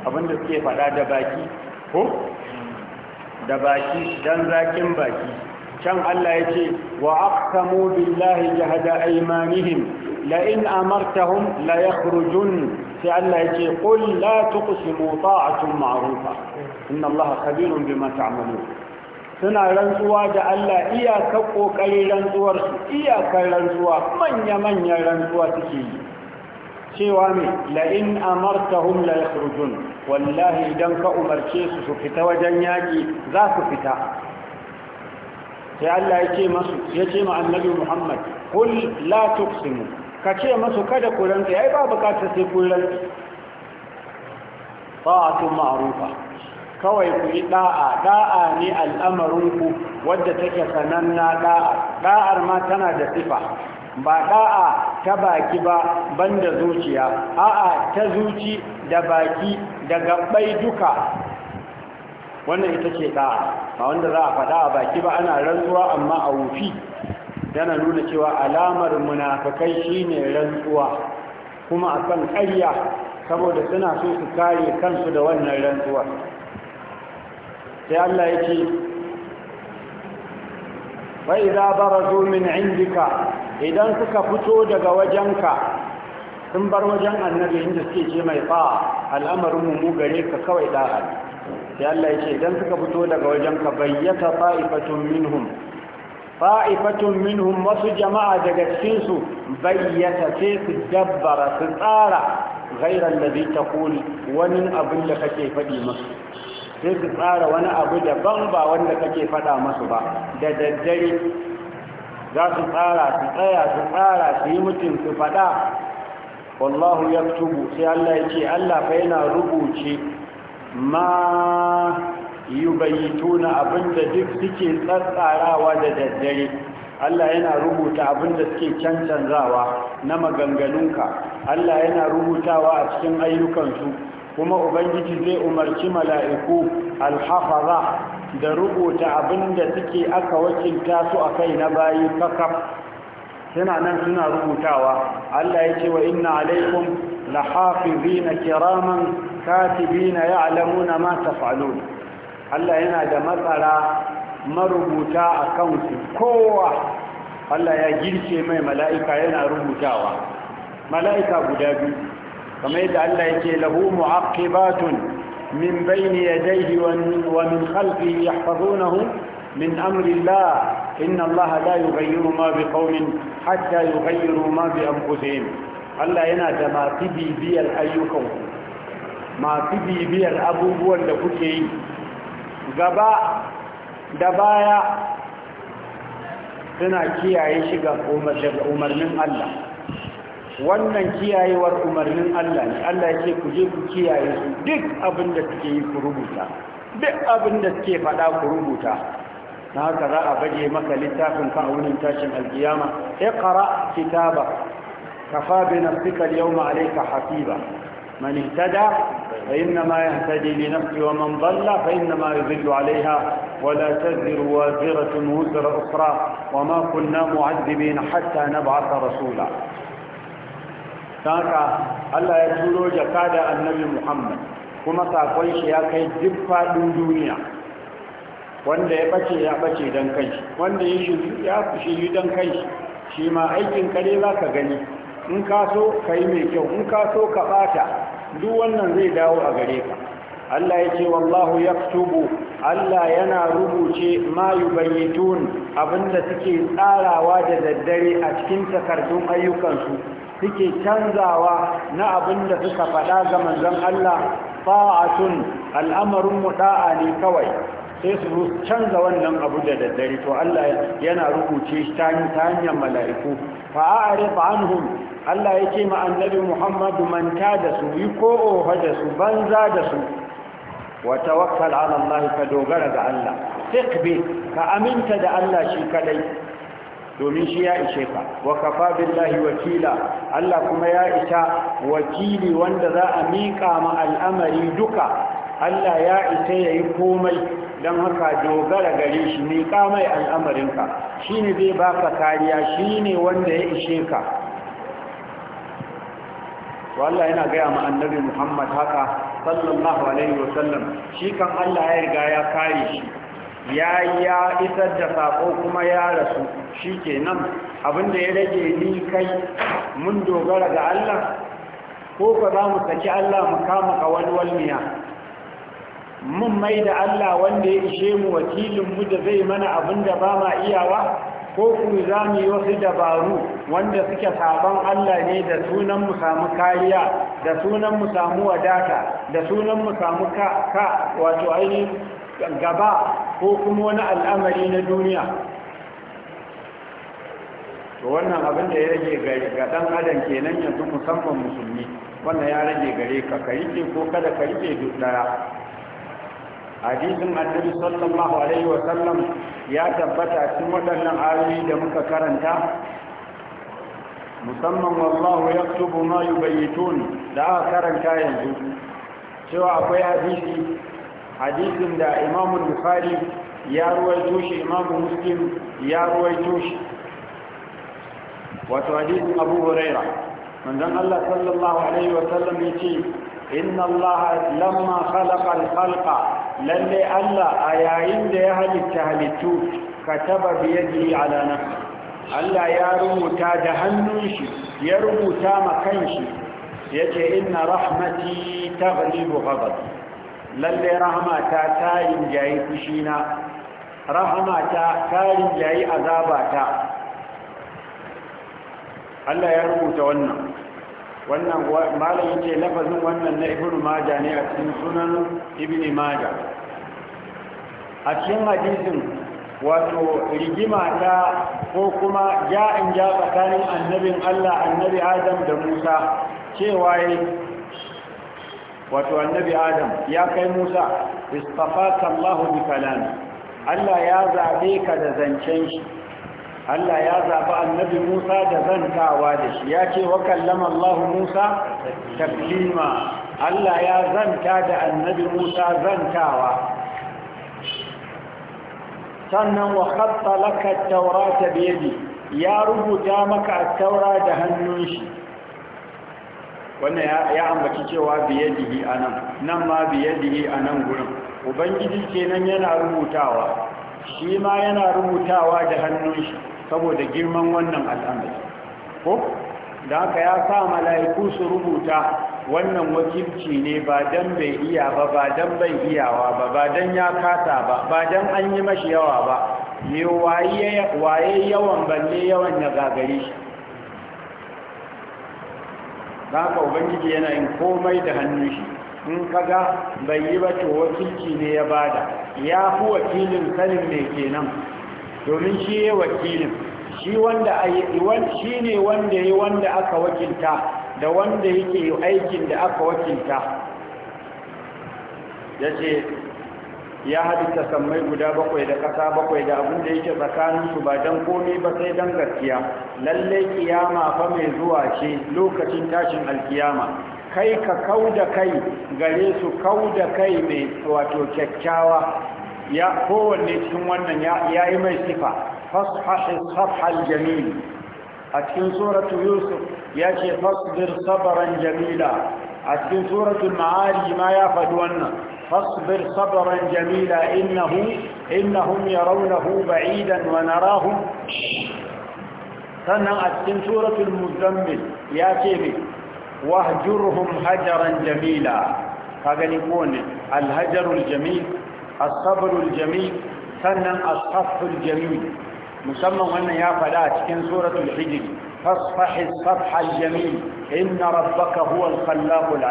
abinda suke faɗa da baki ko da baki dan zakin baki can Allah ya ce wa aqsamu billahi jahada aymanihim la in amartahum la yakhrujun sai Allah ya ce qul la tuqsimu ta'atun ma'rufa inna Allah khabirun bima ta'malun suna rantsuwa da Allah iyaka kokarin rantsuwar su iyakar rantsuwa manya manya rantsuwa suke yi cewa me la in amartahum la yakhrujun wallahi idan ka umarce su su fita wajen yaki za su fita sai Allah ya ce masu ya ce ma annabi Muhammad kul la tuqsimu ka ce masu kada ku rantsa yayi ba bukatar sai ku rantsa ta'atu ma'rufa kawai ku yi da'a da'a ne al'amarin ku wadda take sananna da'a da'ar ma tana da sifa ba da'a ta baki ba banda zuciya a'a ta zuci da baki da gabbai duka wannan ita ce da'a ba wanda za a faɗa a baki ba ana rantsuwa amma a wufi yana nuna cewa alamar munafikai shine rantsuwa kuma a kan ƙarya saboda suna so su kare kansu da wannan rantsuwa sai Allah ya ce wa idza barazu min indika idan suka fito daga wajenka sun bar wajen annabi inda suke ce mai fa al'amarin mu gare ka kawai da'a sai Allah ya ce idan suka fito daga wajen ka bayyata fa'ifatun minhum fa'ifatun minhum wasu jama'a daga cikin su bayyata sai su dabbara su tsara ghairan da zai wani abin da kake fadi masu sai su tsara wani abu daban ba wanda kake faɗa masu ba da daddare za su tsara su tsaya su tsara su yi mutum su faɗa wallahu ya sai Allah ya ce Allah fa yana rubuce ma yi yubayituna abinda duk suke tsatsarawa da daddare Allah yana rubuta abinda suke cancanzawa na maganganunka Allah yana rubutawa a cikin ayyukansu kuma ubangiji zai umarci mala'iku alhafaza da rubuta abinda suke aka wakilta su a kai na bayi kakaf suna nan suna rubutawa Allah ya ce wa inna alaikum لحافظين كراما كاتبين يعلمون ما تفعلون هلا هنا ده مثلا مربوطا اكونت كوا هلا يا جيرشي ماي ملائكه هنا رمجاوا ملائكه غدابي كما يدعي الله يجي له معقبات من بين يديه ومن خلفه يحفظونه من أمر الله إن الله لا يغير ما بقوم حتى يغير ما بأنفسهم Allah yana da masu bibiyar ayyukan masu bibiyar abubuwan da kuke yi gaba da baya suna kiyaye shiga umarnin Allah wannan kiyayewar umarnin Allah ne Allah ya ce ku je ku kiyaye su duk abin da suke yi ku rubuta duk abin da suke faɗa ku rubuta na haka za a baje maka littafin ka a wurin tashin alkiyama ya ƙara kitaba كفى بنفسك اليوم عليك حسيبا من اهتدى فإنما يهتدي لنفسه ومن ضل فإنما يضل عليها ولا تزر وازرة وزر أخرى وما كنا معذبين حتى نبعث رسولا تاكا الله يتولو جكاد النبي محمد كما تقول shi ya kai duk wanda ya bace ya bace dan kai wanda yake shi ya fushi dan kai shi ma aikin kare zaka gani in ka so ka yi mai kyau in ka so ka ɓata duk wannan zai dawo a gare ka Allah ya ce wallahu yaktubu Allah yana rubuce ma yubayyitun abinda suke tsarawa da daddare a cikin takardun ayyukansu suke canzawa na abinda suka faɗa ga manzon Allah fa'atun al'amarin muda'a ne kawai sai su canza wannan abu da daddare to Allah yana rubuce shi ta hanyar mala'iku fa'arif anhum Allah ya ce ma annabi Muhammadu manta da su yi ko oha da su banza da su wa tawakkal ala Allah ka dogara ga Allah tiqbi ka aminta da Allah shi kadai domin shi ya ishe ka wa kafa billahi wakila Allah kuma ya isa wakili wanda za a miƙa ma al'amari duka Allah ya isa yayi komai don haka dogara gare shi miƙa mai al'amarinka shi ne zai baka kariya shi ne wanda ya ishe ka Walla yana gaya ma annabi Muhammad haka sallallahu alaihi wasallam shi kan Allah ya riga ya kare shi ya ya isar da sako kuma ya rasu shi kenan abinda ya rage ni kai mun dogara ga Allah ko ka za mu saki Allah mu kama wani walmiya? mun mai da Allah wanda ya ishe mu wakilin mu da zai mana abinda ba ma iyawa ko ku za mu yi wasu dabaru wanda suke saban Allah ne da sunan mu samu kariya da sunan mu samu wadata da sunan mu samu ka, ka wato aini gaba ko kuma wani al'amari na duniya to wannan abin da ya rage gari ga dan adam kenan yanzu musamman musulmi wannan ya rage gare ka ka rike ko kada ka rike duk daya hadisin annabi sallallahu alaihi wa sallam ya tabbata cikin waɗannan ayoyi da muka karanta musamman wallahu ya yaktubu ma yi yubayyitun da aka karanta yanzu cewa akwai hadisi hadisin da imamu bukhari ya ruwaito tushe, imamu muslim ya ruwaito tushe. wato hadisin abu huraira manzon Allah sallallahu alaihi wa sallam ce, inna Allaha lamma khalaqa al-khalqa lalle Allah a yayin da ya halitta halittu kataba bi ala nafsi Allah ya rubuta da hannun shi ya rubuta ma kanshi yace inna rahmati taghlibu ghadabi lalle rahmata ta rinjayi fushina rahmata ta rinjayi azabata Allah ya rubuta wannan wannan malam yace lafazin wannan na ibnu maja ne a cikin sunan Ibn maja a cikin hadisin wato rigima ta ko kuma ja'in ja tsakanin annabin Allah annabi Adam da Musa cewa wato annabi Adam ya kai Musa istafaka Allah bi kalam Allah ya zaɓe ka da zancen shi Allah ya zaɓi annabi Musa da zantawa da shi ya ce wa kallama Allah Musa taklima Allah ya zanta da annabi Musa zantawa sannan wa khatta laka at-taurata bi yadi ya rubuta maka at-taura da hannun shi wannan ya ambaci cewa bi yadihi anan nan ma bi yadihi anan gurin ubangiji kenan yana rubutawa shi ma yana rubutawa da hannun shi saboda girman wannan al'amari ko da haka ya sa mala'iku su rubuta wannan wakilci ne ba dan bai iya ba ba dan bai iyawa ba ba dan ya kasa ba ba dan an yi mashi yawa ba ne waye yawan balle yawan ya gagari shi Za ka ubangiji yana yin komai da hannun shi in kaga bai yi ba to wakilci ne ya bada ya fi wakilin sanin mai kenan domin shi ya wakilin shi wanda shi ne wanda ya wanda aka wakilta da wanda yake aikin da aka wakilta ya ce ya hadita sammai guda bakwai da ƙasa bakwai da abin da yake tsakaninsu ba don komai ba sai don gaskiya lallai kiyama fa mai zuwa ce lokacin tashin alkiyama kai ka kau da kai gare su kau da kai mai wato kyakkyawa ya kowanne cikin wannan ya yi mai sifa fasfahi safhal jamil a cikin suratu yusuf ya ce fasbir sabaran jamila a cikin suratul ma'ari ma ya faɗi wannan fasbir sabaran jamila innahu innahum yarawnahu ba'idan wa narahum sannan a cikin suratul muzammil ya ce ne wahjurhum hajaran jamila ka gani kowane alhajarul jamil asabarul jamil sannan asaful jamil musamman wannan ya faɗa a cikin suratul hijr fasfahi safhal jamil inna rabbaka huwal khallaqul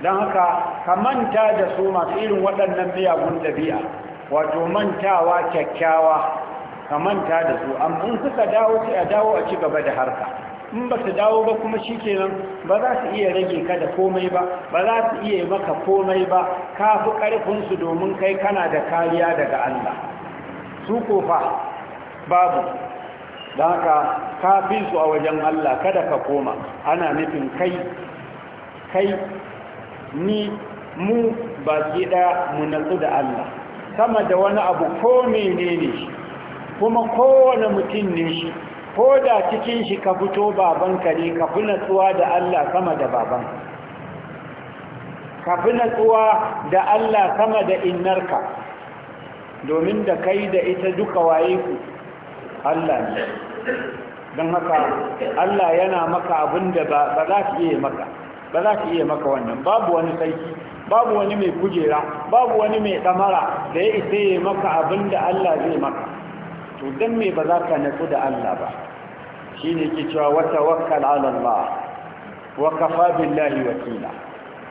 dan haka ka manta da su masu irin waɗannan miyagun dabi'a wato mantawa kyakkyawa ka manta da su amma in suka dawo sai dawo a ci gaba da harka in ba su dawo ba kuma shi kenan ba za su iya rage ka da komai ba ba za su iya yi maka komai ba ka fi ƙarfinsu domin kai kana da kariya daga Allah su kofa babu da ka su a wajen Allah kada ka koma ana nufin kai kai ni mu ba ɗaya mu natsu da Allah sama da wani abu ko menene shi kuma kowane mutum ne shi ko da cikin shi ka fito babanka ne ka fi natsuwa da Allah sama da baban ka fi natsuwa da Allah sama da innarka domin da kai da ita duka waye ku Allah ne don haka Allah yana maka abin da ba za su iya maka ba za su iya maka wannan babu wani sarki babu wani mai kujera babu wani mai damara da ya isa maka abin da Allah zai maka to dan me ba za ka natsu da Allah ba shine yake cewa wa ala Allah wa kafa billahi wakila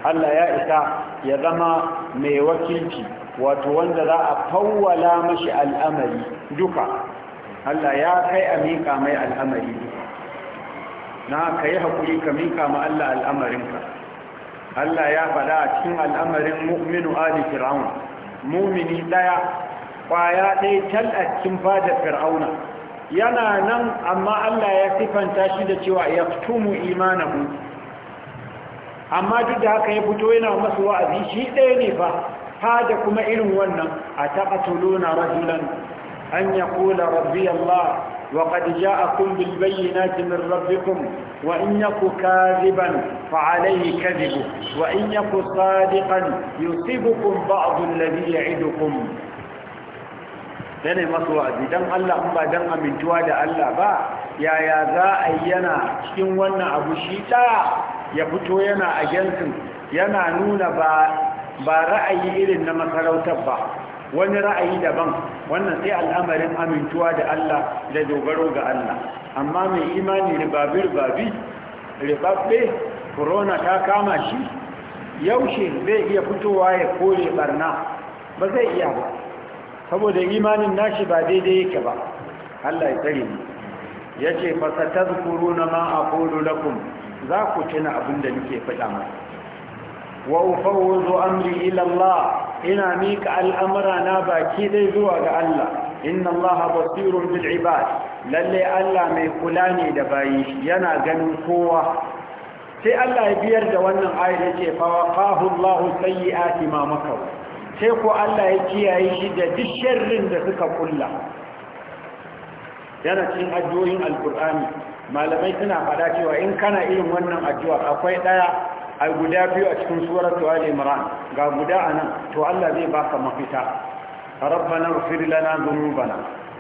Allah ya isa ya zama mai wakilci wato wanda za a fawwala mashi al'amari duka Allah ya kai a mai al'amari duka na ka yi haƙuri ka mika ma Allah al'amarinka Allah ya faɗa a cikin al'amarin mu'minu ali fir'aun mumini ɗaya kwaya ɗaya can a cikin fadar fir'auna yana nan amma Allah ya sifanta shi da cewa ya tumu imanahu amma duk da haka ya fito yana masu wa'azi shi ɗaya ne fa hada kuma irin wannan a taqatuluna rajulan an kula rabbi Allah wa qad a bil bayyana jimin rabbikum wa in yaku kadhiban fa alayhi kadhibu wa in yaku sadiqan yusibukum ba'd alladhi ya'idukum na ne masu wa'azi don Allah in ba don amintuwa da Allah ba yaya za a yi yana cikin wannan abu shi ta ya fito yana a gensin yana nuna ba ra'ayi irin na masarautar ba wani ra'ayi daban wannan sai al'amarin amintuwa da Allah da dogaro ga Allah amma mai imani ribabir babi ribabbe corona ta kama shi yaushe zai iya fitowa ya kore barna ba zai iya ba saboda imanin nashi ba daidai yake ba Allah ya tsare mu yace fa satazkuruna ma aqulu lakum za ku tuna abinda nake faɗa muku wa ufawwidu amri ila Allah ina mika al'amra na baki dai zuwa ga Allah inna Allah basirun bil ibad lalle Allah mai kula ne da bayi yana ganin kowa sai Allah ya biyar da wannan ayar yace fa waqahu Allah sayyi'ati ma makaru sai ko Allah ya kiyaye shi da duk sharrin da suka kulla yana cikin addu'o'in alkur'ani malamai suna faɗa cewa in kana irin wannan addu'a akwai ɗaya a guda biyu a cikin suratu al-imran ga guda a nan, to Allah zai baka mafita rabbana ighfir lana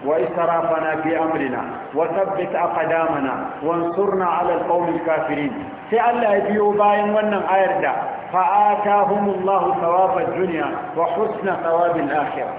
وإسرافنا في أمرنا وثبت أقدامنا وانصرنا على القوم الكافرين سألا يبيو باين ونن آيردا فآتاهم الله ثواب الدنيا وحسن ثواب الآخرة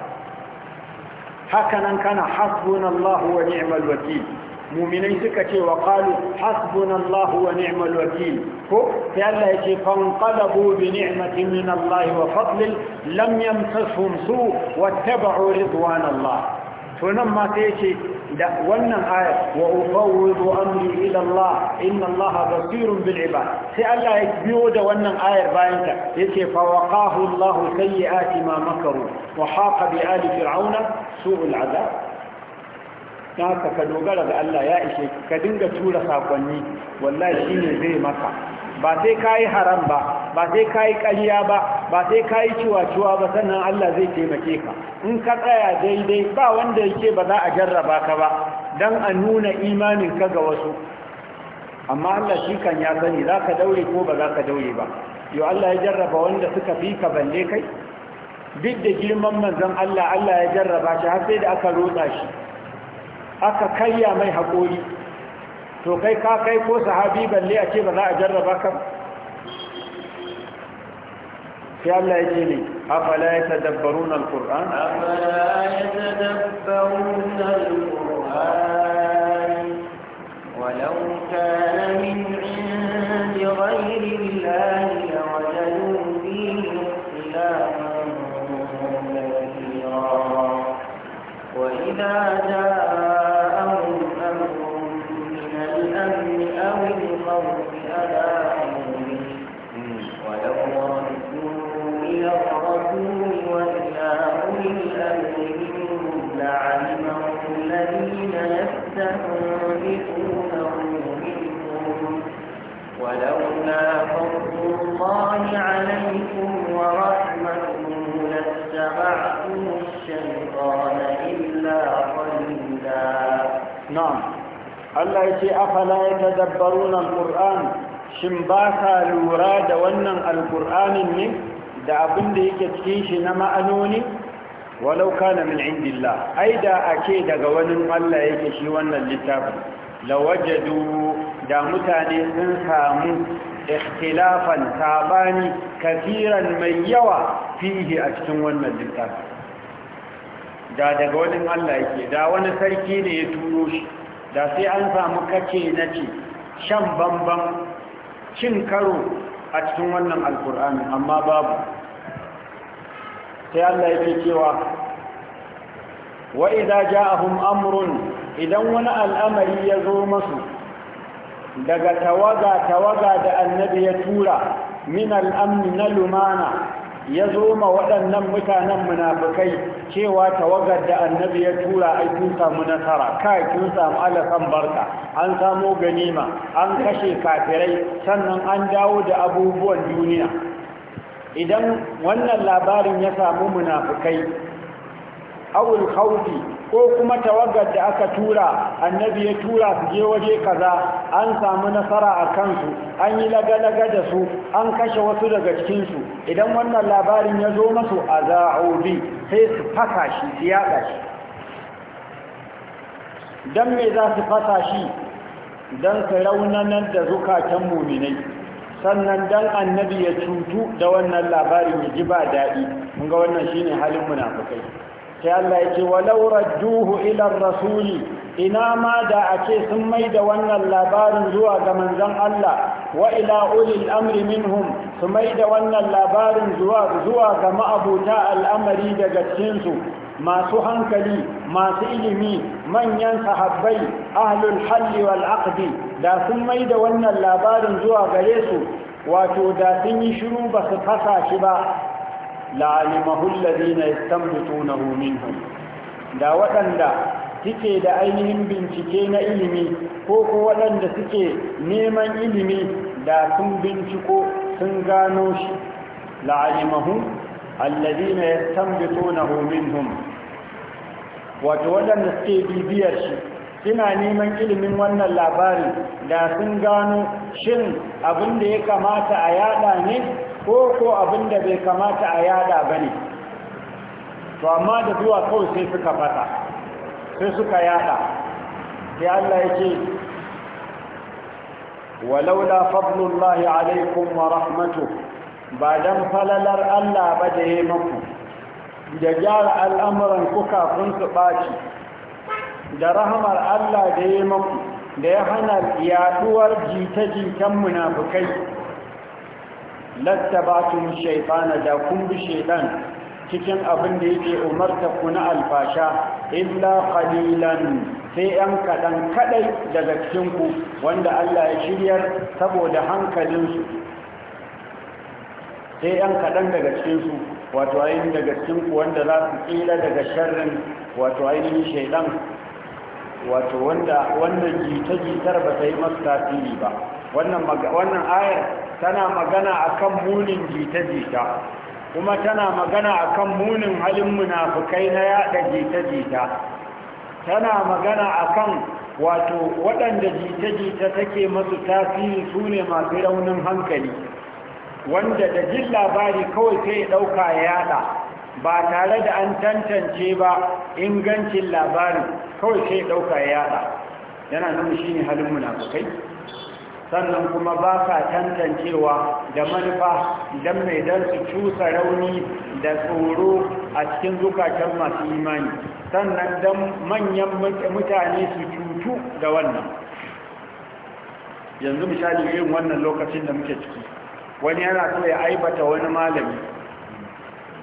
هكذا كان حسبنا الله ونعم الوكيل muminai suka ce wa qalu hasbunallahu wa ni'mal wakeel ko sai Allah ya ce fanqalabu bi ni'matin min Allah wa fadlin lam yamsashum su wattaba'u ridwanallah to nan ma yace da wannan ayar wa ufawwidu amri ila Allah inna Allah basirun bil ibad sai Allah ya biyo da wannan ayar bayan ta yace fa waqahu Allah sayyi'ati ma makaru wa haqa bi ali fir'auna su'ul azab haka ka dogara ga Allah ya ishe ka dinga tura sakonni wallahi shine zai maka ba sai kai haram ba ba sai ka yi ƙarya ba ba sai ka yi ciwa-ciwa ba sannan Allah zai taimake ka in ka tsaya daidai ba wanda yake ba za a jarraba ka ba don a nuna imanin ka ga wasu amma Allah shi kan ya sani za ka daure ko ba za ka daure ba yau Allah ya jarraba wanda suka fi ka balle kai duk da girman manzon Allah Allah ya jarraba shi har sai da aka rotsa shi aka karya mai haƙori to kai ka kai ko sahabi balle a ce ba za a jarraba ka ba في الله يجيني أفلا يتدبرون القرآن أفلا يتدبرون القرآن ولو كان من عند غير الله لوجدوا فيه اختلافا كثيرا وإذا جاءهم أمر من الأمن أو الخوف ولولا فضل الله عليكم ورحمته لاتبعتم الشيطان إلا قليلا نعم الله يجي أفلا يتدبرون القرآن shin ba ka lura da wannan alkur'anin ne da abin da yake cikin shi na ma'anoni walau kana min indillah ai da ake daga wani Allah yake shi wannan littafin lawajadu da mutane sun samu ikhtilafan sabani kafiran mai yawa fihi a cikin wannan littafi da daga wani Allah yake da wani sarki ne ya turo shi da sai an samu kace na ce shan bambam, cin karo a cikin wannan alkur'ani amma babu sai Allah yake cewa wa idza ja'ahum amrun idan wani al'amari ya zo masu daga tawaga tawaga da annabi ya tura min al'amni na lumana ya zo ma waɗannan mutanen munafukai cewa tawagar da annabi ya tura ai kun samu nasara kai kun samu alasan barka an samo ganima an kashe kafirai sannan an dawo da abubuwan duniya idan wannan labarin ya samu munafukai awul khawfi ko kuma tawagar da aka tura annabi ya tura su je waje kaza an samu nasara a kansu an yi lagalaga da su an kashe wasu daga cikinsu idan wannan labarin ya zo masu a za'obi sai su fasa shi su yaɗa shi don me za su fasa shi don su raunanar da zukatan muminai sannan don annabi ya cutu da wannan labarin ya ji ba daɗi mun ga wannan shine halin munafukai sai Allah ya ce walau radduhu ila rasuli ina ma da ake sun mai da wannan labarin zuwa ga manzon Allah wa ila ulil amri minhum su mai da wannan labarin zuwa zuwa ga ma'abuta al'amari daga cikin su masu hankali masu ilimi manyan sahabbai ahlul halli wal aqdi da sun mai da wannan labarin zuwa gare su wato da sun yi shiru ba su fasa shi ba la'alimahu alladhina yastanbitunahu minhum da waɗanda suke da ainihin bincike na ilimi ko ko waɗanda suke neman ilimi da sun binciko sun gano shi la'alimahu alladhina yastanbitunahu minhum wato waɗanda suke bibiyar shi suna neman ilimin wannan labari da sun gano shin abin da ya kamata a yada ne ko ko abin da bai kamata a yada ba ne to amma da zuwa kawai sai suka fata sai suka yada sai Allah ya ce walaula fadlullahi alaikum wa rahmatu ba dan falalar Allah ba da yayi maku da gyara al'amuran kuka kafin su baci da rahmar Allah da yayi maku da ya hana yaduwar jita-jitan munafukai lattabatun shaitana da kun bi shaitan cikin abin da yake umarta ku na alfasha illa qalilan sai yan kadan kadai daga cikin ku wanda Allah ya shiryar saboda hankalin su sai yan kadan daga cikin su wato ainihin daga cikin ku wanda za su tsira daga sharrin wato ainihin shaitan wato wanda wannan jita-jitar ba ta yi masu tasiri ba wannan ayar tana magana akan munin jita-jita kuma tana magana akan munin halin munafukai na yada jita-jita tana magana akan wato waɗanda jita-jita take masu tasiri su ne masu raunin hankali wanda da jin labari kawai sai ɗauka ya yada ba tare da an tantance ba ingancin labarin kawai sai ɗauka ya yada yana nan shi ne halin munafukai sannan kuma ba sa tantancewa da manufa don mai don su cusa rauni da tsoro a cikin zukatan masu imani sannan don manyan mutane su cutu da wannan yanzu misali yin wannan lokacin da muke ciki wani yana so ya aibata wani malami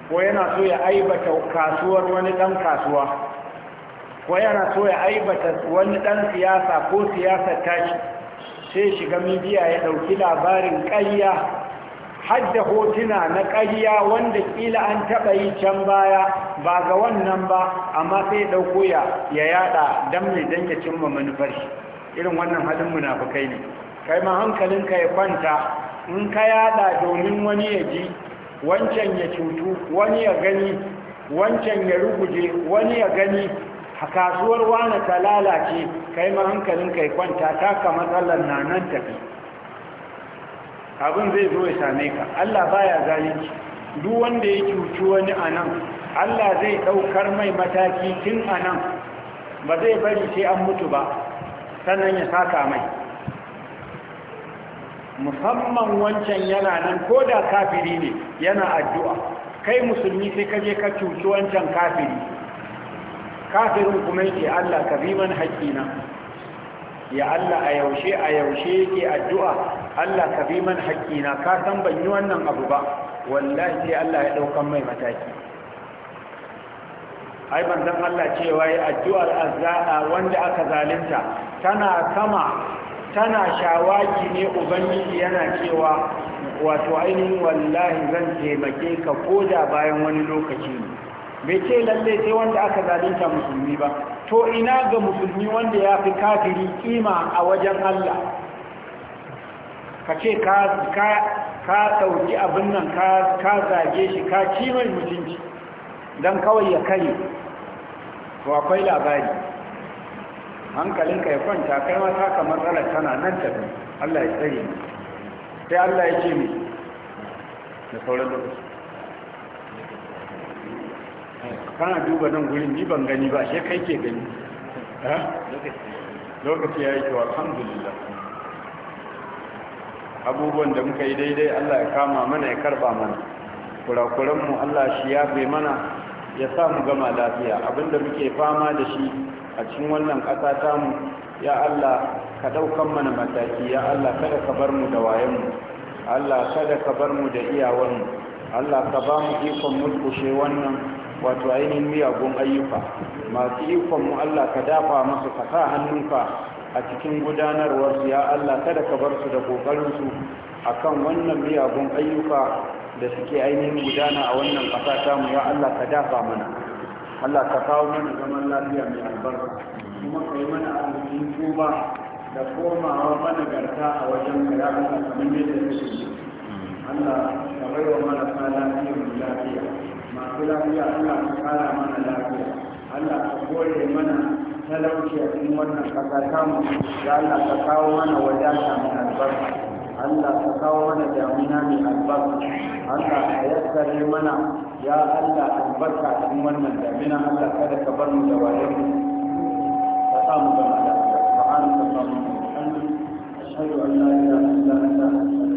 ko yana so ya aibata kasuwar wani dan kasuwa ko yana so ya aibata wani dan siyasa ko siyasar tashi sai shiga midiya ya ɗauki labarin ƙarya hadda hotuna na ƙarya wanda ƙila an taɓa yi can baya ba ga wannan ba amma sai ɗauko ya ya yaɗa don mai don ya cimma manufar shi irin wannan halin munafukai ne kai ma hankalinka ya kwanta in ka yaɗa domin wani ya ji wancan ya cutu wani ya gani wancan ya ruguje wani ya gani a kasuwar wane ta lalace kai ma hankalin kai kwanta taka matsalar na nan tafi abin zai zo ya same ka Allah baya zalunci duk wanda ya cuci wani a nan Allah zai ɗaukar mai mataki tun a nan ba zai bari sai an mutu ba sannan ya saka mai musamman wancan yana nan ko da kafiri ne yana addu'a kai musulmi sai kaje ka cuci wancan kafiri kafirin kuma yake Allah ka bi man haƙƙina ya Allah a yaushe a yaushe yake addu'a Allah ka bi man haƙƙina ka san ban yi wannan abu ba wallahi sai Allah ya ɗaukan mai mataki ai manzon Allah cewa yi addu'ar azza'a wanda aka zalunta tana sama tana shawagi ne ubangiji yana cewa wato ainihin wallahi zan taimake ka koda bayan wani lokaci ne bai ce lalle sai wanda aka zalunta musulmi ba to ina ga musulmi wanda ya fi kafiri kima a wajen Allah ka ce ka sauki abin nan ka zage shi ka cimar mutunci don kawai ya kare to akwai labari hankalinka ya kwanta kai mata kamar matsalar tana nan tafi Allah ya tsare sai Allah ya ce mai da sauran lokaci kana duba nan gurin ni ban gani ba shi kai ke gani lokaci ya yi kyau alhamdulillah abubuwan da muka yi daidai allah ya kama mana ya karba mana kurakuranmu allah shi ya bai mana ya sa mu gama lafiya abinda muke fama da shi a cikin wannan ƙasa tamu ya allah ka ɗaukan mana mataki ya allah kada ka bar mu da wayanmu allah kada ka bar mu da iyawarmu, allah ka ba mu ikon mulkushe wannan wato ainihin miyagun ayyuka masu ikon mu Allah ka dafa masu ka hannunka a cikin gudanarwarsu ya Allah kada ka bar su da a kan wannan miyagun ayyuka da suke ainihin gudana a wannan ƙasa ta mu ya Allah ka dafa mana Allah ka kawo mana zaman lafiya mai albarka kuma ka yi mana arzikin tuba da komawa managarta a wajen ka ya Allah kamar yadda suke Allah ka bai wa marasa lafiya mu lafiya masu lafiya Allah ka kara mana lafiya Allah ka kore mana talauci a cikin wannan ƙasa tamu da Allah ka kawo mana wadata mai albarka Allah ka kawo mana damuna mai albarka Allah ka yassare mana ya Allah albarka a cikin wannan damina Allah kada ka bar mu da wayan mu ka sa mu gama lafiya subhanallahi wa bihamdihi ashhadu an la ilaha illa anta